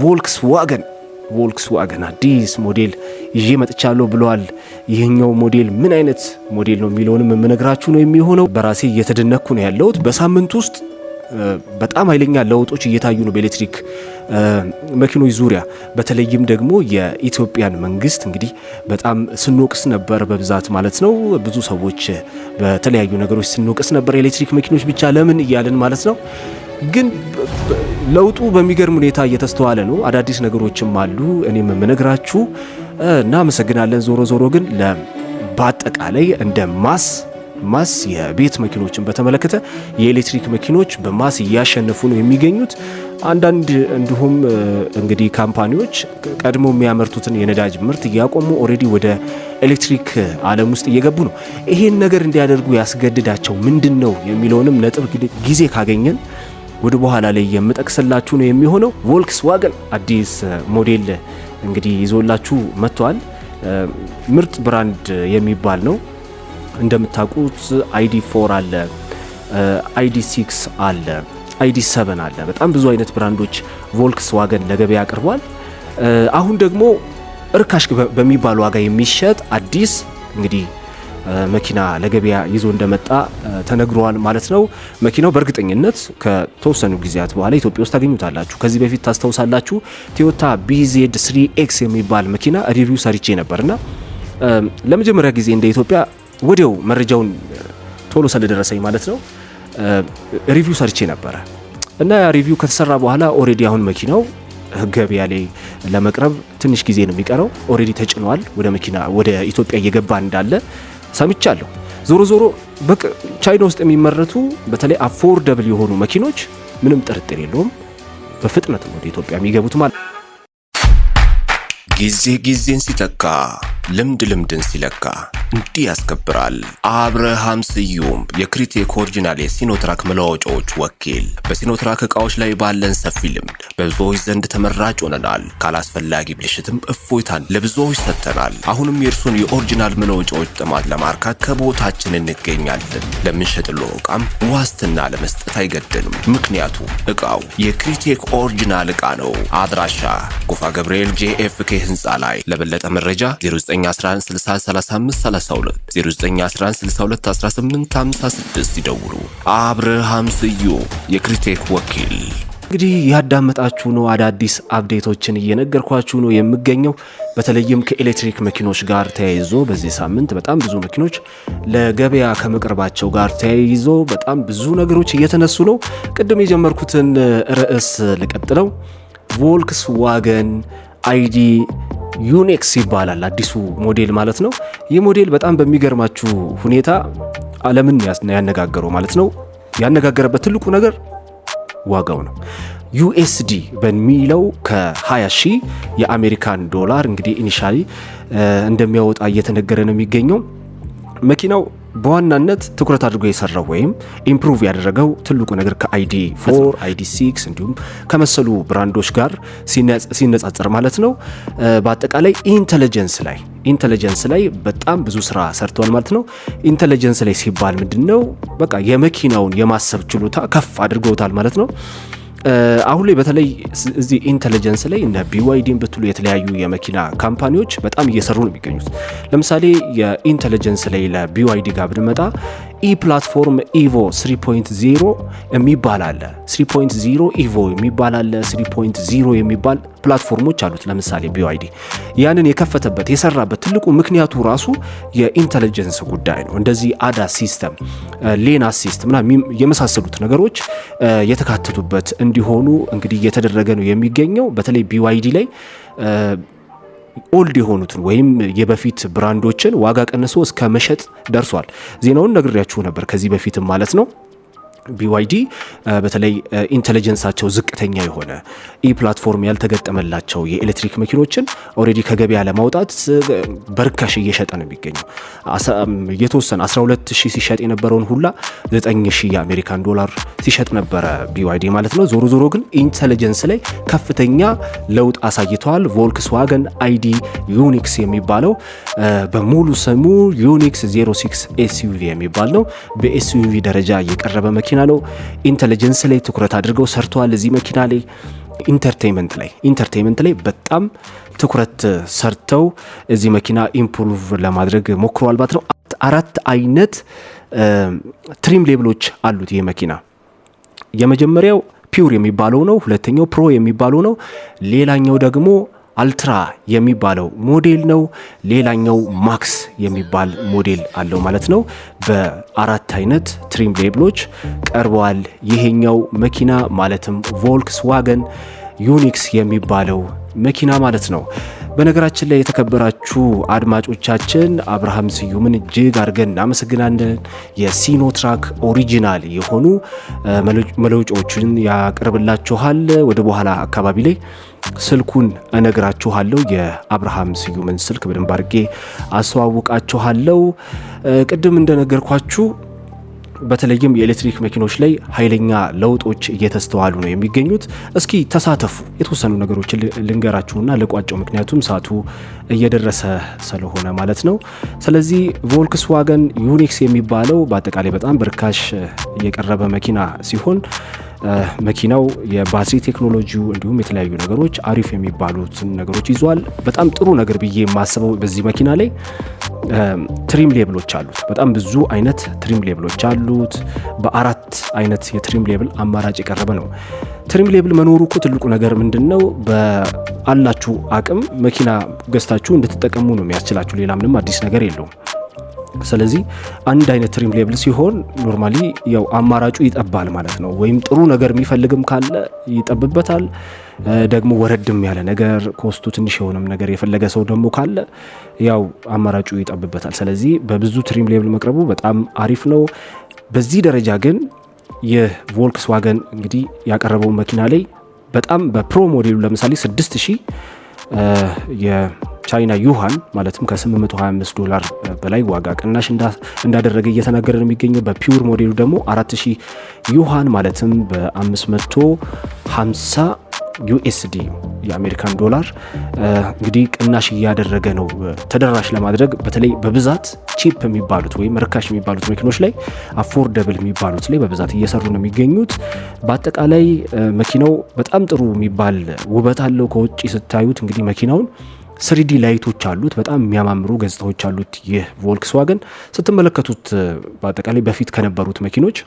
ቮልክስዋገን ቮልክስዋገን አዲስ ሞዴል ይዤ መጥቻለሁ ብለዋል። ይህኛው ሞዴል ምን አይነት ሞዴል ነው የሚለውንም የምነግራችሁ ነው የሚሆነው። በራሴ እየተደነኩ ነው ያለሁት። በሳምንት ውስጥ በጣም ኃይለኛ ለውጦች እየታዩ ነው በኤሌክትሪክ መኪኖች ዙሪያ። በተለይም ደግሞ የኢትዮጵያን መንግስት እንግዲህ በጣም ስንወቅስ ነበር በብዛት ማለት ነው። ብዙ ሰዎች በተለያዩ ነገሮች ስንወቅስ ነበር። ኤሌክትሪክ መኪኖች ብቻ ለምን እያልን ማለት ነው ግን ለውጡ በሚገርም ሁኔታ እየተስተዋለ ነው። አዳዲስ ነገሮችም አሉ እኔም የምነግራችሁ እናመሰግናለን። ዞሮ ዞሮ ግን በአጠቃላይ እንደ ማስ ማስ የቤት መኪኖችን በተመለከተ የኤሌክትሪክ መኪኖች በማስ እያሸነፉ ነው የሚገኙት። አንዳንድ እንዲሁም እንግዲህ ካምፓኒዎች ቀድሞ የሚያመርቱትን የነዳጅ ምርት እያቆሙ ኦልሬዲ ወደ ኤሌክትሪክ ዓለም ውስጥ እየገቡ ነው። ይሄን ነገር እንዲያደርጉ ያስገድዳቸው ምንድን ነው የሚለውንም ነጥብ ጊዜ ካገኘን ወደ በኋላ ላይ የምጠቅስላችሁ ነው የሚሆነው። ቮልክስዋገን አዲስ ሞዴል እንግዲህ ይዞላችሁ መጥቷል። ምርጥ ብራንድ የሚባል ነው። እንደምታውቁት አይዲ ፎር አለ፣ አይዲ ሲክስ አለ፣ አይዲ ሰቨን አለ። በጣም ብዙ አይነት ብራንዶች ቮልክስዋገን ለገበያ አቅርቧል። አሁን ደግሞ እርካሽ በሚባል ዋጋ የሚሸጥ አዲስ እንግዲህ መኪና ለገበያ ይዞ እንደመጣ ተነግሯል ማለት ነው። መኪናው በእርግጠኝነት ከተወሰኑ ጊዜያት በኋላ ኢትዮጵያ ውስጥ ታገኙታላችሁ። ከዚህ በፊት ታስታውሳላችሁ፣ ቶዮታ ቢዜድ 3ኤክስ የሚባል መኪና ሪቪው ሰርቼ ነበርና ለመጀመሪያ ጊዜ እንደ ኢትዮጵያ ወዲያው መረጃውን ቶሎ ስለደረሰኝ ማለት ነው ሪቪው ሰርቼ ነበረ እና ያ ሪቪው ከተሰራ በኋላ ኦሬዲ አሁን መኪናው ገበያ ላይ ለመቅረብ ትንሽ ጊዜ ነው የሚቀረው። ኦሬዲ ተጭኗል፣ ወደ መኪና ወደ ኢትዮጵያ እየገባ እንዳለ ሰምቻለሁ። ዞሮ ዞሮ ቻይና ውስጥ የሚመረቱ በተለይ አፎርደብል የሆኑ መኪኖች ምንም ጥርጥር የለውም በፍጥነት ወደ ኢትዮጵያ የሚገቡት ማለት ጊዜ ጊዜን ሲተካ ልምድ ልምድን ሲለካ እንዲህ ያስከብራል። አብርሃም ስዩም የክሪቴክ ኦሪጂናል የሲኖትራክ መለዋወጫዎች ወኪል። በሲኖትራክ እቃዎች ላይ ባለን ሰፊ ልምድ በብዙዎች ዘንድ ተመራጭ ሆነናል። ካላስፈላጊ ብልሽትም እፎይታን ለብዙዎች ሰጥተናል። አሁንም የእርሱን የኦሪጂናል መለወጫዎች ጥማት ለማርካት ከቦታችን እንገኛለን። ለምንሸጥሎ እቃም ዋስትና ለመስጠት አይገድንም። ምክንያቱም እቃው የክሪቴክ ኦሪጂናል እቃ ነው። አድራሻ ጎፋ ገብርኤል ጄኤፍኬ ህንፃ ላይ። ለበለጠ መረጃ 0911603532 0911621856 ይደውሉ። አብርሃም ስዩ የክሪቴክ ወኪል። እንግዲህ ያዳመጣችሁ ነው። አዳዲስ አፕዴቶችን እየነገርኳችሁ ነው የምገኘው። በተለይም ከኤሌክትሪክ መኪኖች ጋር ተያይዞ በዚህ ሳምንት በጣም ብዙ መኪኖች ለገበያ ከመቅረባቸው ጋር ተያይዞ በጣም ብዙ ነገሮች እየተነሱ ነው። ቅድም የጀመርኩትን ርዕስ ልቀጥለው። ቮልክስ ዋገን አይዲ ዩኔክስ ይባላል አዲሱ ሞዴል ማለት ነው። ይህ ሞዴል በጣም በሚገርማችሁ ሁኔታ ዓለምን ያነጋገረው ማለት ነው። ያነጋገረበት ትልቁ ነገር ዋጋው ነው። ዩኤስዲ በሚለው ከ20 ሺህ የአሜሪካን ዶላር እንግዲህ ኢኒሻሊ እንደሚያወጣ እየተነገረ ነው የሚገኘው መኪናው በዋናነት ትኩረት አድርጎ የሰራው ወይም ኢምፕሩቭ ያደረገው ትልቁ ነገር ከአይዲ ፎር አይዲ ሲክስ እንዲሁም ከመሰሉ ብራንዶች ጋር ሲነጻጸር ማለት ነው። በአጠቃላይ ኢንተለጀንስ ላይ ኢንተለጀንስ ላይ በጣም ብዙ ስራ ሰርተዋል ማለት ነው። ኢንተለጀንስ ላይ ሲባል ምንድን ነው? በቃ የመኪናውን የማሰብ ችሎታ ከፍ አድርገውታል ማለት ነው። አሁን ላይ በተለይ እዚህ ኢንተለጀንስ ላይ እነ ቢዋይዲን ብትሉ የተለያዩ የመኪና ካምፓኒዎች በጣም እየሰሩ ነው የሚገኙት። ለምሳሌ የኢንተለጀንስ ላይ ለቢዋይዲ ጋር ብንመጣ ኢ ፕላትፎርም ኢቮ 3.0 የሚባል አለ። 3.0 ኢቮ የሚባል አለ። 3.0 የሚባል ፕላትፎርሞች አሉት። ለምሳሌ ቢዋይዲ ያንን የከፈተበት የሰራበት ትልቁ ምክንያቱ ራሱ የኢንተለጀንስ ጉዳይ ነው። እንደዚህ አዳ ሲስተም፣ ሌና ሲስተም የመሳሰሉት ነገሮች የተካተቱበት እንዲሆኑ እንግዲህ እየተደረገ ነው የሚገኘው በተለይ ቢዋይዲ ላይ ኦልድ የሆኑትን ወይም የበፊት ብራንዶችን ዋጋ ቀንሶ እስከ መሸጥ ደርሷል። ዜናውን ነግሬያችሁ ነበር ከዚህ በፊትም ማለት ነው። ቢዋይዲ በተለይ ኢንቴሊጀንሳቸው ዝቅተኛ የሆነ ኢ ፕላትፎርም ያልተገጠመላቸው የኤሌክትሪክ መኪኖችን ኦልሬዲ ከገበያ ለማውጣት በርካሽ እየሸጠ ነው የሚገኘው። የተወሰነ 12 ሲሸጥ የነበረውን ሁላ 9 የአሜሪካን ዶላር ሲሸጥ ነበረ ቢዋይዲ ማለት ነው። ዞሮ ዞሮ ግን ኢንቴሊጀንስ ላይ ከፍተኛ ለውጥ አሳይተዋል። ቮልክስዋገን አይዲ ዩኒክስ የሚባለው በሙሉ ስሙ ዩኒክስ 06 ኤስዩቪ የሚባል ነው። በኤስዩቪ ደረጃ እየቀረበ መኪና መኪና ነው። ኢንተለጀንስ ላይ ትኩረት አድርገው ሰርተዋል። እዚህ መኪና ላይ ኢንተርቴንመንት ላይ ኢንተርቴንመንት ላይ በጣም ትኩረት ሰርተው እዚህ መኪና ኢምፕሩቭ ለማድረግ ሞክረዋል ማለት ነው። አራት አይነት ትሪም ሌብሎች አሉት ይህ መኪና። የመጀመሪያው ፒውር የሚባለው ነው። ሁለተኛው ፕሮ የሚባለው ነው። ሌላኛው ደግሞ አልትራ የሚባለው ሞዴል ነው። ሌላኛው ማክስ የሚባል ሞዴል አለው ማለት ነው። በአራት አይነት ትሪም ሌብሎች ቀርበዋል። ይሄኛው መኪና ማለትም ቮልክስዋገን ዩኒክስ የሚባለው መኪና ማለት ነው። በነገራችን ላይ የተከበራችሁ አድማጮቻችን አብርሃም ስዩምን እጅግ አድርገን እናመሰግናለን። የሲኖ ትራክ ኦሪጂናል የሆኑ መለውጫዎችን ያቀርብላችኋል። ወደ በኋላ አካባቢ ላይ ስልኩን እነግራችኋለሁ። የአብርሃም ስዩምን ስልክ በደንብ አድርጌ አስተዋውቃችኋለሁ። ቅድም እንደነገርኳችሁ በተለይም የኤሌክትሪክ መኪኖች ላይ ኃይለኛ ለውጦች እየተስተዋሉ ነው የሚገኙት። እስኪ ተሳተፉ። የተወሰኑ ነገሮችን ልንገራችሁና ልቋጨው፣ ምክንያቱም ሰዓቱ እየደረሰ ስለሆነ ማለት ነው። ስለዚህ ቮልክስዋገን ዩኒክስ የሚባለው በአጠቃላይ በጣም በርካሽ የቀረበ መኪና ሲሆን መኪናው የባትሪ ቴክኖሎጂው እንዲሁም የተለያዩ ነገሮች አሪፍ የሚባሉትን ነገሮች ይዟል። በጣም ጥሩ ነገር ብዬ የማስበው በዚህ መኪና ላይ ትሪም ሌብሎች አሉት። በጣም ብዙ አይነት ትሪም ሌብሎች አሉት። በአራት አይነት የትሪም ሌብል አማራጭ የቀረበ ነው። ትሪም ሌብል መኖሩ እኮ ትልቁ ነገር ምንድን ነው? በአላችሁ አቅም መኪና ገዝታችሁ እንድትጠቀሙ ነው የሚያስችላችሁ። ሌላ ምንም አዲስ ነገር የለውም። ስለዚህ አንድ አይነት ትሪም ሌብል ሲሆን ኖርማሊ ያው አማራጩ ይጠባል ማለት ነው። ወይም ጥሩ ነገር የሚፈልግም ካለ ይጠብበታል። ደግሞ ወረድም ያለ ነገር ኮስቱ ትንሽ የሆነም ነገር የፈለገ ሰው ደግሞ ካለ ያው አማራጩ ይጠብበታል። ስለዚህ በብዙ ትሪም ሌብል መቅረቡ በጣም አሪፍ ነው። በዚህ ደረጃ ግን የቮልክስዋገን እንግዲህ ያቀረበው መኪና ላይ በጣም በፕሮ ሞዴሉ ለምሳሌ 6000 የቻይና ዩሃን ማለትም ከ825 ዶላር በላይ ዋጋ ቅናሽ እንዳደረገ እየተናገረ ነው የሚገኘው። በፒውር ሞዴሉ ደግሞ 4000 ዩሃን ማለትም በ550 ዩኤስዲ የአሜሪካን ዶላር እንግዲህ ቅናሽ እያደረገ ነው ተደራሽ ለማድረግ በተለይ በብዛት ቺፕ የሚባሉት ወይም ርካሽ የሚባሉት መኪኖች ላይ አፎርደብል የሚባሉት ላይ በብዛት እየሰሩ ነው የሚገኙት። በአጠቃላይ መኪናው በጣም ጥሩ የሚባል ውበት አለው። ከውጭ ስታዩት እንግዲህ መኪናውን ስሪዲ ላይቶች አሉት። በጣም የሚያማምሩ ገጽታዎች አሉት። ይህ ቮልክስዋገን ስትመለከቱት በአጠቃላይ በፊት ከነበሩት መኪኖች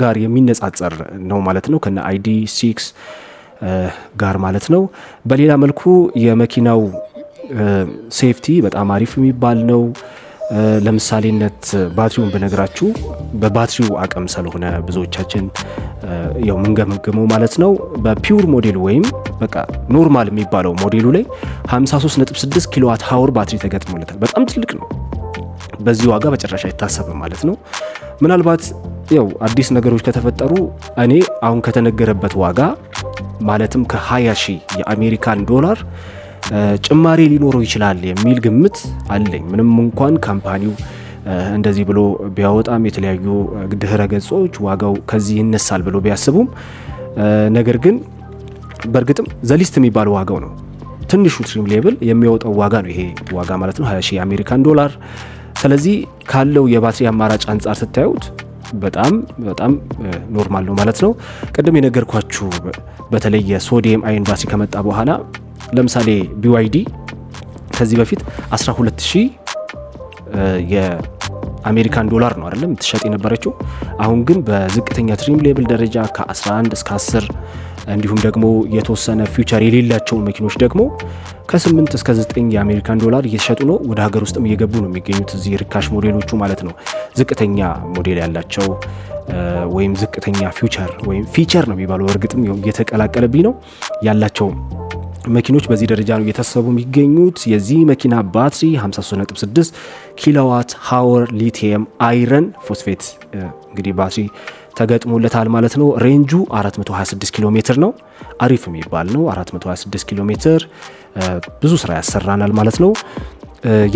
ጋር የሚነጻጸር ነው ማለት ነው ከነ አይዲ ሲክስ ጋር ማለት ነው። በሌላ መልኩ የመኪናው ሴፍቲ በጣም አሪፍ የሚባል ነው። ለምሳሌነት ባትሪውን ብነግራችሁ በባትሪው አቅም ስለሆነ ብዙዎቻችን ያው ምንገመገመው ማለት ነው። በፒውር ሞዴል ወይም በቃ ኖርማል የሚባለው ሞዴሉ ላይ 536 ኪሎዋት ሀወር ባትሪ ተገጥሞለታል። በጣም ትልቅ ነው። በዚህ ዋጋ መጨረሻ አይታሰብም ማለት ነው። ምናልባት ያው አዲስ ነገሮች ከተፈጠሩ እኔ አሁን ከተነገረበት ዋጋ ማለትም ከ20 ሺህ የአሜሪካን ዶላር ጭማሪ ሊኖረው ይችላል የሚል ግምት አለኝ። ምንም እንኳን ካምፓኒው እንደዚህ ብሎ ቢያወጣም የተለያዩ ድህረ ገጾች ዋጋው ከዚህ ይነሳል ብሎ ቢያስቡም ነገር ግን በእርግጥም ዘሊስት የሚባል ዋጋው ነው። ትንሹ ትሪም ሌብል የሚያወጣው ዋጋ ነው ይሄ ዋጋ ማለት ነው 20 ሺህ የአሜሪካን ዶላር። ስለዚህ ካለው የባትሪ አማራጭ አንጻር ስታዩት በጣም በጣም ኖርማል ነው ማለት ነው። ቅድም የነገርኳችሁ በተለይ የሶዲየም አይን ባሲ ከመጣ በኋላ ለምሳሌ ቢዋይዲ ከዚህ በፊት 12000 የአሜሪካን ዶላር ነው አይደለም ትሸጥ የነበረችው። አሁን ግን በዝቅተኛ ትሪም ሌብል ደረጃ ከ11 እስከ 10 እንዲሁም ደግሞ የተወሰነ ፊውቸር የሌላቸው መኪኖች ደግሞ ከ8 እስከ 9 የአሜሪካን ዶላር እየተሸጡ ነው። ወደ ሀገር ውስጥም እየገቡ ነው የሚገኙት እዚህ ርካሽ ሞዴሎቹ ማለት ነው። ዝቅተኛ ሞዴል ያላቸው ወይም ዝቅተኛ ፊውቸር ወይም ፊቸር ነው የሚባለው እርግጥም እየተቀላቀለብኝ ነው ያላቸው መኪኖች በዚህ ደረጃ ነው እየታሰቡ የሚገኙት። የዚህ መኪና ባትሪ 53.6 ኪሎዋት ሃወር ሊቲየም አይረን ፎስፌት እንግዲህ ባትሪ ተገጥሞለታል ማለት ነው። ሬንጁ 426 ኪሎ ሜትር ነው። አሪፍ የሚባል ነው። 426 ኪሎ ሜትር ብዙ ስራ ያሰራናል ማለት ነው።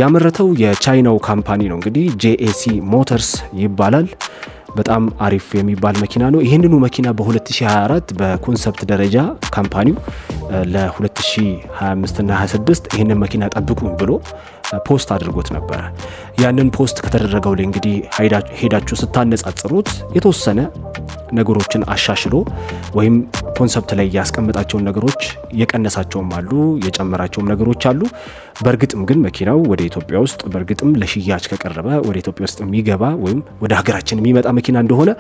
ያመረተው የቻይናው ካምፓኒ ነው እንግዲህ ጄኤሲ ሞተርስ ይባላል። በጣም አሪፍ የሚባል መኪና ነው። ይህንኑ መኪና በ2024 በኮንሰፕት ደረጃ ካምፓኒው ለ2025ና 26 ይህንን መኪና ጠብቁኝ ብሎ ፖስት አድርጎት ነበረ። ያንን ፖስት ከተደረገው ላይ እንግዲህ ሄዳችሁ ስታነጻጽሩት የተወሰነ ነገሮችን አሻሽሎ ወይም ኮንሰፕት ላይ ያስቀመጣቸውን ነገሮች የቀነሳቸውም አሉ የጨመራቸውም ነገሮች አሉ። በእርግጥም ግን መኪናው ወደ ኢትዮጵያ ውስጥ በእርግጥም ለሽያጭ ከቀረበ ወደ ኢትዮጵያ ውስጥ የሚገባ ወይም ወደ ሀገራችን የሚመጣ መኪና እንደሆነ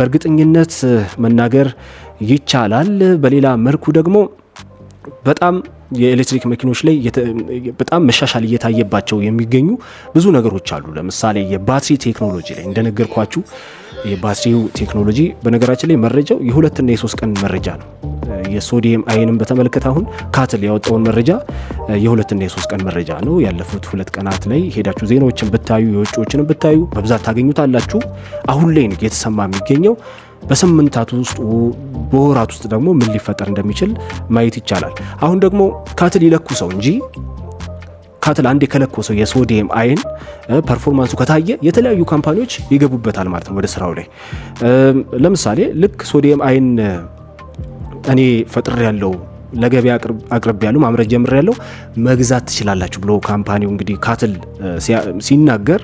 በእርግጠኝነት መናገር ይቻላል። በሌላ መልኩ ደግሞ በጣም የኤሌክትሪክ መኪኖች ላይ በጣም መሻሻል እየታየባቸው የሚገኙ ብዙ ነገሮች አሉ። ለምሳሌ የባትሪ ቴክኖሎጂ ላይ እንደነገርኳችሁ የባትሪው ቴክኖሎጂ በነገራችን ላይ መረጃው የሁለትና የሶስት ቀን መረጃ ነው። የሶዲየም አይንም በተመለከተ አሁን ካትል ያወጣውን መረጃ የሁለትና የሶስት ቀን መረጃ ነው። ያለፉት ሁለት ቀናት ላይ ሄዳችሁ ዜናዎችን ብታዩ የውጭዎችንም ብታዩ በብዛት ታገኙታላችሁ። አሁን ላይ ነው እየተሰማ የሚገኘው በሳምንታት ውስጥ በወራት ውስጥ ደግሞ ምን ሊፈጠር እንደሚችል ማየት ይቻላል። አሁን ደግሞ ካትል ይለኩ ሰው እንጂ ካትል አንድ የከለኮሰው የሶዲየም አይን ፐርፎርማንሱ ከታየ የተለያዩ ካምፓኒዎች ይገቡበታል ማለት ነው ወደ ስራው ላይ። ለምሳሌ ልክ ሶዲየም አይን እኔ ፈጥር ያለው ለገበያ አቅርብ ያለው ማምረት ጀምር ያለው መግዛት ትችላላችሁ ብሎ ካምፓኒው እንግዲህ ካትል ሲናገር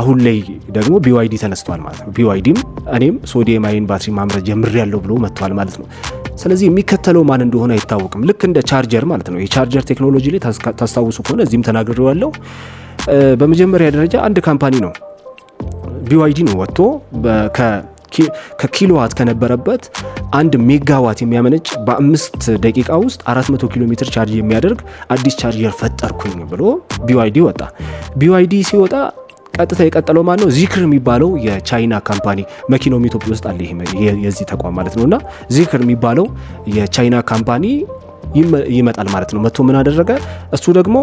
አሁን ላይ ደግሞ ቢዋይዲ ተነስቷል ማለት ነው። ቢዋይዲም እኔም ሶዲየም አይን ባትሪ ማምረት ጀምሬያለሁ ብሎ መጥቷል ማለት ነው። ስለዚህ የሚከተለው ማን እንደሆነ አይታወቅም። ልክ እንደ ቻርጀር ማለት ነው። የቻርጀር ቴክኖሎጂ ላይ ታስታውሱ ከሆነ እዚህም ያለው በመጀመሪያ ደረጃ አንድ ካምፓኒ ነው ቢዋይዲ ነው ወጥቶ ከኪሎዋት ከነበረበት አንድ ሜጋዋት የሚያመነጭ በአምስት ደቂቃ ውስጥ 400 ኪሎ ሜትር ቻርጅ የሚያደርግ አዲስ ቻርጀር ፈጠርኩኝ ብሎ ቢዋይዲ ወጣ። ቢዋይዲ ሲወጣ ቀጥታ የቀጠለው ማን ነው? ዚክር የሚባለው የቻይና ካምፓኒ መኪኖም ኢትዮጵያ ውስጥ አለ። የዚህ ተቋም ማለት ነው እና ዚክር የሚባለው የቻይና ካምፓኒ ይመጣል ማለት ነው። መቶ ምን አደረገ? እሱ ደግሞ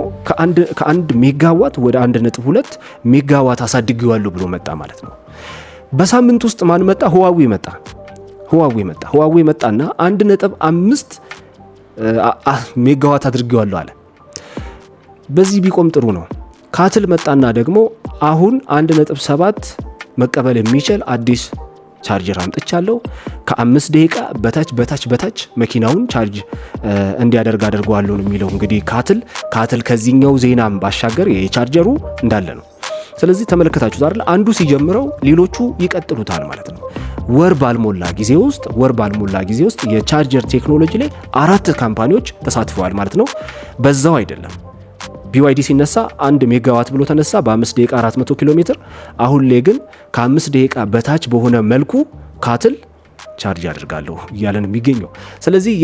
ከአንድ ሜጋዋት ወደ አንድ ነጥብ ሁለት ሜጋዋት አሳድጌዋለሁ ብሎ መጣ ማለት ነው። በሳምንት ውስጥ ማን መጣ? ህዋዌ መጣ። ህዋዌ መጣ። ህዋዌ መጣና አንድ ነጥብ አምስት ሜጋዋት አድርጌዋለሁ አለ። በዚህ ቢቆም ጥሩ ነው። ካትል መጣና ደግሞ አሁን 1.7 መቀበል የሚችል አዲስ ቻርጀር አምጥቻለሁ። ከአምስት ደቂቃ በታች በታች በታች መኪናውን ቻርጅ እንዲያደርግ አድርገዋለሁ የሚለው እንግዲህ ካትል ካትል ከዚህኛው ዜናም ባሻገር የቻርጀሩ እንዳለ ነው። ስለዚህ ተመለከታችሁት አይደል? አንዱ ሲጀምረው ሌሎቹ ይቀጥሉታል ማለት ነው። ወር ባልሞላ ጊዜ ውስጥ ወር ባልሞላ ጊዜ ውስጥ የቻርጀር ቴክኖሎጂ ላይ አራት ካምፓኒዎች ተሳትፈዋል ማለት ነው። በዛው አይደለም ቢዋይዲ ሲነሳ አንድ ሜጋዋት ብሎ ተነሳ በ5 ደቂቃ 400 ኪሎ ሜትር። አሁን ላይ ግን ከ5 ደቂቃ በታች በሆነ መልኩ ካትል ቻርጅ አድርጋለሁ እያለን የሚገኘው ስለዚህ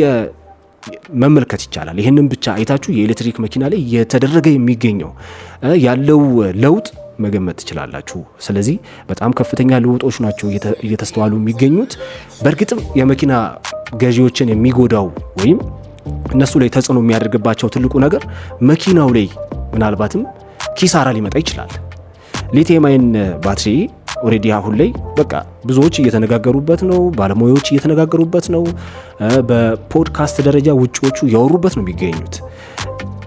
መመልከት ይቻላል። ይህንን ብቻ አይታችሁ የኤሌክትሪክ መኪና ላይ የተደረገ የሚገኘው ያለው ለውጥ መገመት ትችላላችሁ። ስለዚህ በጣም ከፍተኛ ለውጦች ናቸው እየተስተዋሉ የሚገኙት። በእርግጥም የመኪና ገዢዎችን የሚጎዳው ወይም እነሱ ላይ ተጽዕኖ የሚያደርግባቸው ትልቁ ነገር መኪናው ላይ ምናልባትም ኪሳራ ሊመጣ ይችላል። ሊቲየም አየን ባትሪ ኦሬዲ አሁን ላይ በቃ ብዙዎች እየተነጋገሩበት ነው፣ ባለሙያዎች እየተነጋገሩበት ነው። በፖድካስት ደረጃ ውጭዎቹ እያወሩበት ነው የሚገኙት።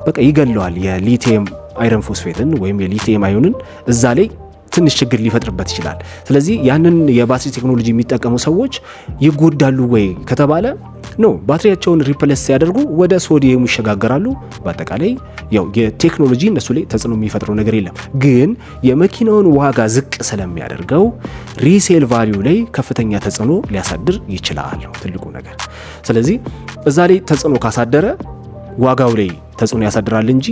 በቃ ይገለዋል የሊቲየም አይረን ፎስፌትን ወይም የሊቲየም አዮንን እዛ ላይ ትንሽ ችግር ሊፈጥርበት ይችላል። ስለዚህ ያንን የባትሪ ቴክኖሎጂ የሚጠቀሙ ሰዎች ይጎዳሉ ወይ ከተባለ ኖ ባትሪያቸውን ሪፕለስ ሲያደርጉ ወደ ሶዲየሙ ይሸጋገራሉ። በአጠቃላይ ያው የቴክኖሎጂ እነሱ ላይ ተጽዕኖ የሚፈጥረው ነገር የለም፣ ግን የመኪናውን ዋጋ ዝቅ ስለሚያደርገው ሪሴል ቫሊዩ ላይ ከፍተኛ ተጽዕኖ ሊያሳድር ይችላል፣ ትልቁ ነገር። ስለዚህ እዛ ላይ ተጽዕኖ ካሳደረ ዋጋው ላይ ተጽዕኖ ያሳድራል እንጂ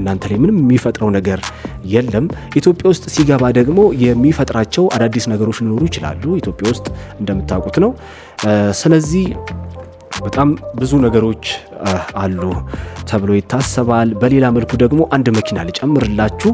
እናንተ ላይ ምንም የሚፈጥረው ነገር የለም። ኢትዮጵያ ውስጥ ሲገባ ደግሞ የሚፈጥራቸው አዳዲስ ነገሮች ሊኖሩ ይችላሉ። ኢትዮጵያ ውስጥ እንደምታውቁት ነው። ስለዚህ በጣም ብዙ ነገሮች አሉ ተብሎ ይታሰባል። በሌላ መልኩ ደግሞ አንድ መኪና ልጨምርላችሁ።